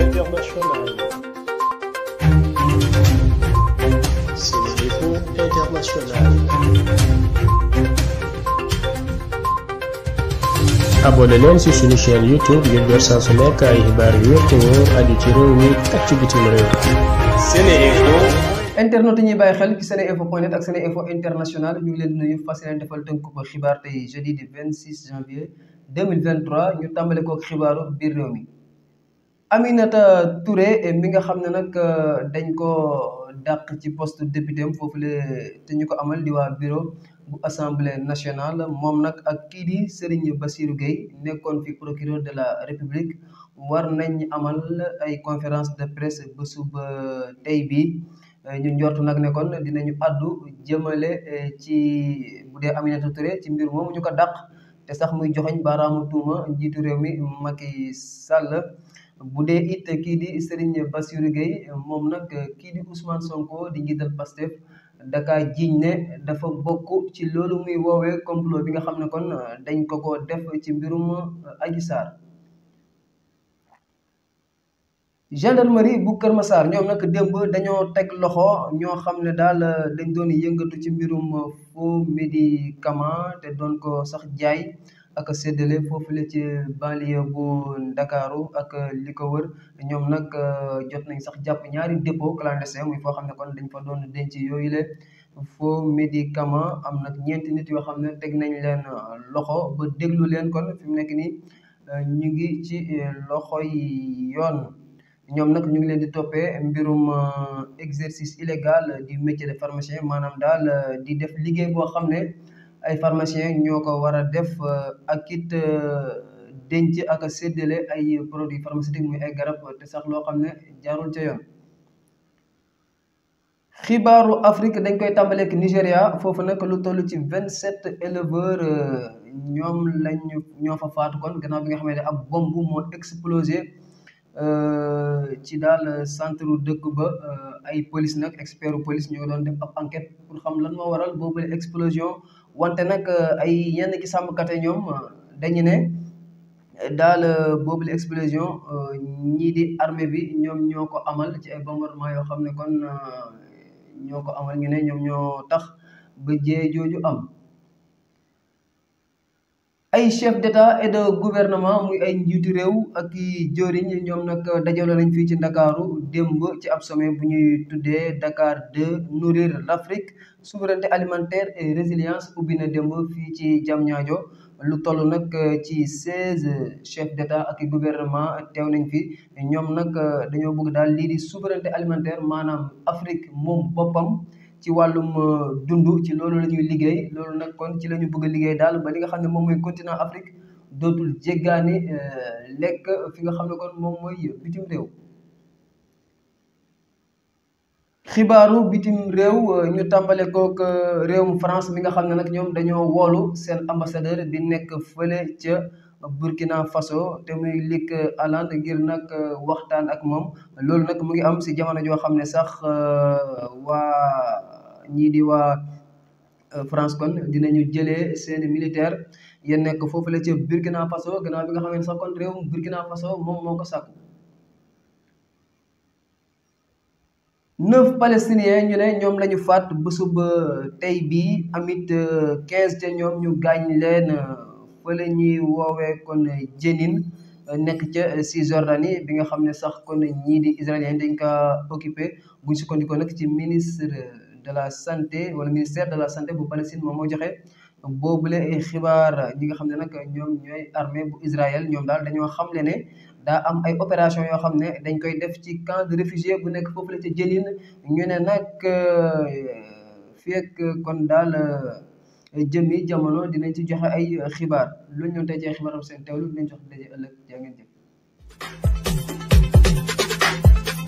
internationale. C'est l'info internationale. abonné leen ci suñu chaîne YouTube ngir jot saa su nekk ay xibaar yu wér te wóor aju ci réew mi ak ci bitim réew. SeneInfo. internet ñuy bàyyi xel ci seneinfo point net ak seneinfo international ñu ngi leen di nuyu fas yéene defal tënk ko xibaar tey jeudi di 26 janvier ñu tàmbali kook xibaaru biir réew mi. Aminata Touré eh, mi nga xam ne nag eh, dañ ko dàq ci post député am foofule te ñu ko amal di waa bureau bu assemblée nationale moom nag ak kii di Serigne Bassirou Gueye nekkoon fi procureur de la république war nañ amal ay conférence de presse ba suba eh, tey bi ñu njort nag ne kon dinañu àddu jëmale ci bu dee Aminata Touré ci mbir moomu ñu ko dàq te sax muy joxoñ baaraamu tuuma njiitu réew mi Macky Sall. bu dee it kii di Serigne Bassirou Gueye moom nag kii di Ousmane Sonko di njiital Pastef daka jiiñ ne dafa bokk ci loolu muy woowee complot bi nga xam ne kon dañ ko ko def ci mbirum Adji Sarr gendarmerie bu Kër Massar ñoom nag démb dañoo teg loxo ñoo xam ne daal dañ doon yëngatu ci mbirum faux médicament te doon ko sax jaay ak séddale foofule ci banlieue bu Ndakaaru ak li ko wër ñoom nag euh, jot nañ sax jàpp ñaari dépôt clandestin muy foo xam ne kon dañ fa doon denc yooyu le faux médicament am nag ñeenti nit yoo xam ne teg nañ leen euh, loxo ba déglu leen kon fi mu nekk nii euh, ñu ngi ci loxo yi yoon ñoom nag ñu ngi leen di toppee mbirum exercice illégal du métier de pharmacien maanaam daal di def liggéey boo xam ne ay pharmaciens ñoo ko war a def euh, ak it euh, denc ak a séddale ay produits pharmaceutiques muy ay garab te sax loo xam ne jaarul ca yoon. xibaaru Afrique dañ koy tàmbaleek Nigéria foofu nag lu toll ci vingt sept éleveurs euh, ñoom lañ ñoo fa faatu kon gannaaw bi nga xam ne ab bomb moo explosé ci daal centre dëkk ba ay police nag expertu police ñoo doon def ab enquête pour xam lan moo waral boobule explosion wante nag euh, ay yenn ki sàmmkat yi ñoom euh, dañu ne euh, daal boobu la explosion ñii di armée bi ñoom ñoo ko amal ci ay bombardement yoo xam ne kon ñoo ko amal ñu ne ñoom ñoo tax ba jee jooju am ay chef d'état et de gouvernement muy ay njiitu réew ak i jëriñ ñoom nag dajale nañ fii ci ndakaaru démb ci ab sommet bu ñuy tuddee Dakar 2 nourrir l'Afrique souveraineté alimentaire et résilience ubbi na démb fii ci Diamniadio lu toll nag ci seize chefs d'État ak gouvernement teew nañ fii ñoom nag dañoo bëgg daal lii di souveraineté alimentaire maanaam Afrique moom boppam ci wàllum euh, dund ci loolu lañuy liggéey loolu nag kon ci lañu bugg liggéey daal ba li nga xam ne moom mooy continent Afrique dootul jéggaani euh, lekk fi nga xam ne kon moom mooy bitim réew. xibaaru bitim réew euh, ñu tàmbale kook réewum France mi nga xam ne nag ñoom dañoo woolu seen ambassadeur bi nekk fële ca Burkina Faso te muy Luc Alland ngir nag waxtaan ak moom loolu nag mu ngi am si jamono joo xam ne sax ñii di waa euh, France kon dina ñu jëlee seeni militaire yéen nekk foofu la ci Burkina Faso gannaaw bi nga xam ne sax kon réewum Burkina Faso moom moo ko sàkku palestiniens ñu ne ñoom la ñu faat bésub euh, tey bii amit euh, quinze ca ñoom ñu gaañ leen fële ñuy woowee kon Jenin nekk ca Cisjordanie bi nga xam ne sax kon ñii di israélien dañ ka occupé buñ sukkandikoo nag ci ministre de la santé wala ministère de la santé bu Palestine moom moo joxe boobule ay xibaar ñi nga xam ne nag ñoom ñooy armée bu Israël ñoom daal dañoo xamle ne daa am ay opération yoo xam ne dañ koy def ci camp de réfugié bu nekk foofu la ca Jenin ñu ne nag euh, fekk kon daal euh, jëmi jamono dinañ ci joxe ay xibaar luñ ñoon tey ci ay xibaaram seen teewlu dinañ jox daje ëllëg jaa